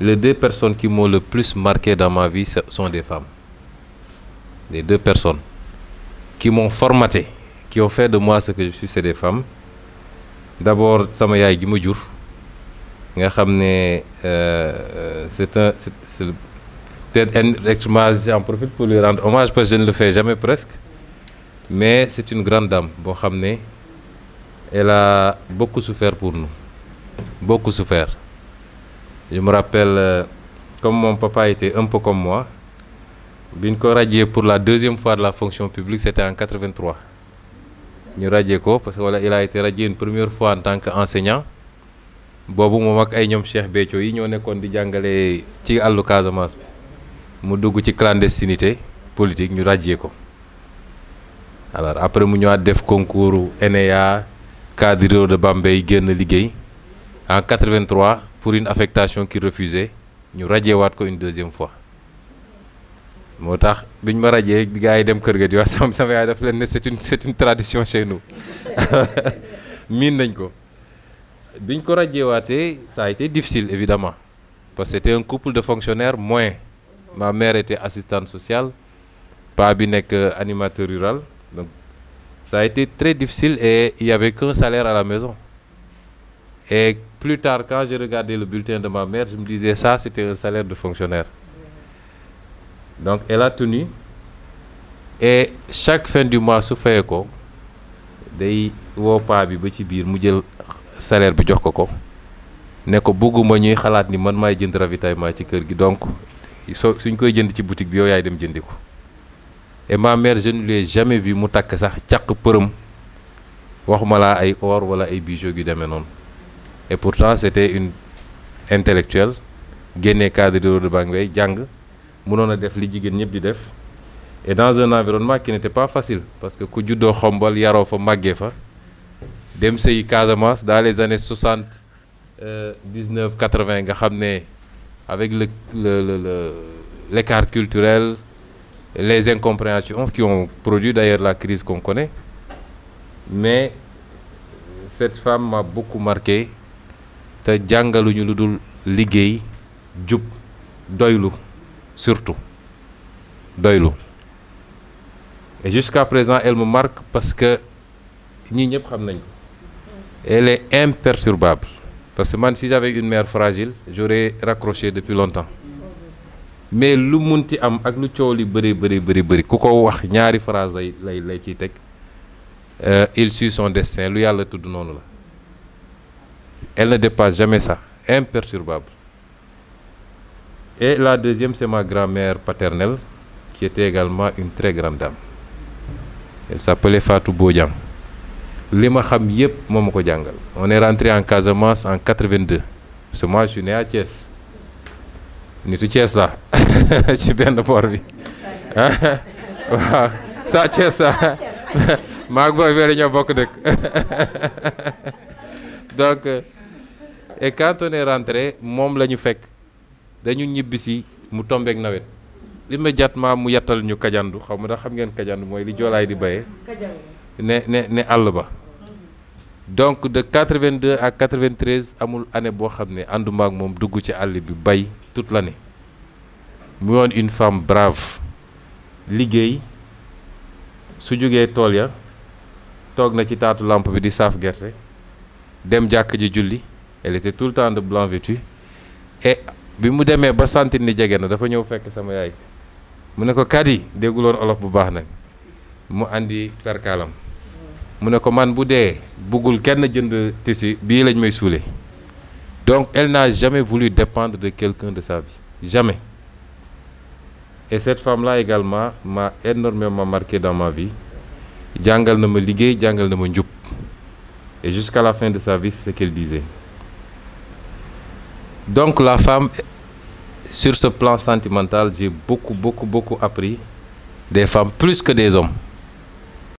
les deux personnes qui m'ont le plus marqué dans ma vie sont des femmes. Les deux personnes qui m'ont formaté, qui ont fait de moi ce que je suis, c'est des femmes. D'abord, sama yaay ma euh, c'est un peut-être j'en profite pour lui rendre hommage parce que je ne le fais jamais presque mais c'est une grande dame bon elle a beaucoup souffert pour nous beaucoup souffert je me rappelle euh, comme mon papa était un peu comme moi bi ko radié pour la deuxième fois de la fonction publique c'était en 83 ñu radié ko parce que wala il a été radié une première fois en tant qu'enseignant. enseignant boobu moom ak ay ñoom Cheikh Béthio yi ñoo nekkoon di jàngale ci àllu Casamance bi mu dugg ci clandestinité politique ñu radié ko alors après mu ñëwaat def concours ENEA cadre de Bambey génn en 83 pour une affectation qui refusait nous rajewaat une deuxième fois c'est une une tradition chez nous Mine ça a été difficile évidemment parce que c'était un couple de fonctionnaires moins ma mère était assistante sociale pas bi animateur rural donc ça a été très difficile et il y avait qu'un salaire à la maison et plus tard, quand j'ai regardé le bulletin de ma mère, je me disais ça, c'était un salaire de fonctionnaire. Donc, elle a tenu. Et chaque fin du mois, sous Fayeko, ko day woo paa bi ba ci biir mu jël salaire bi jox ko ko ne ñuy xalaat ni man maay jënd ravitaillement ci kër gi donc soo suñ koy jënd ci boutique bi yow yaay dem jëndi et ma mère je ne l'ai jamais vu mu takk sax caq përëm waxuma la ay or wala ay bijoux yu demee noonu et pourtant c'était une intellectuelle génnee cadre de de Bang Wei a def et dans un environnement qui n'était pas facile parce que ku juddoo xombal Maggefa, fa Kazamas, dans les années 60... euh, avec l'écart culturel les incompréhensions qui ont produit d'ailleurs la crise qu'on connaît mais cette femme m'a beaucoup marqué te jàngaluñu lu dul liggéey jub doylu surtout doylu et jusqu'à présent elle me marque parce que ñi ñëpp xam nañ ko elle est imperturbable parce que man si j'avais une mère fragile j'aurais raccroché depuis longtemps mais lu munti am ak lu coow li bëri bëri bëri bëri ku ko wax ñaari phrase lay lay lay ciy teg euh, il suit son destin lu yàlla tudd noonu la elle ne dépasse jamais ça. Imperturbable. Et la deuxième, c'est ma grand-mère paternelle, qui était également une très grande dame. Elle s'appelait Fatou Bojang. On est rentré en Casamance en 82. Parce que moi, je suis né à Thiès. Ni Thiès là. Je suis bien bi ah, waaw saa Thiès là. Je suis weere ñoo bokk donc euh, et quand on est rentré mom la fekk dañu ñibbisi mu ak nawet immédiatement mu yattal ñu kajandu xaw ma xam ngeen kajandu moy li joolaay di baye ne ne ne àll ba donc de 82 à 93 amul année bo xamné anduma ak mom dugg ci àll bi baye toute l'année mu yone une femme brave liggéey su joggé tool ya toog na ci taatu lampe bi di saf gerte dem jàkk ji julli elle était tout le temps de blanc vêtue et bi mu démé ba santine ni jege dafa ñew fekk sama yaay mu ne ko kadi dégguloon olof bu baax nag mu andi perkaalam mu ne ko man bu dee buggul kenn jënd tissu bi lañ may soulé donc elle n'a jamais voulu dépendre de quelqu'un de sa vie jamais et cette femme là également m'a énormément marqué dans ma vie jàngal na ma liggéey jàngal na ma njub et jusqu'à la fin de sa vie c'est ce qu'elle disait donc la femme, sur ce plan sentimental, j'ai beaucoup, beaucoup, beaucoup appris des femmes plus que des hommes.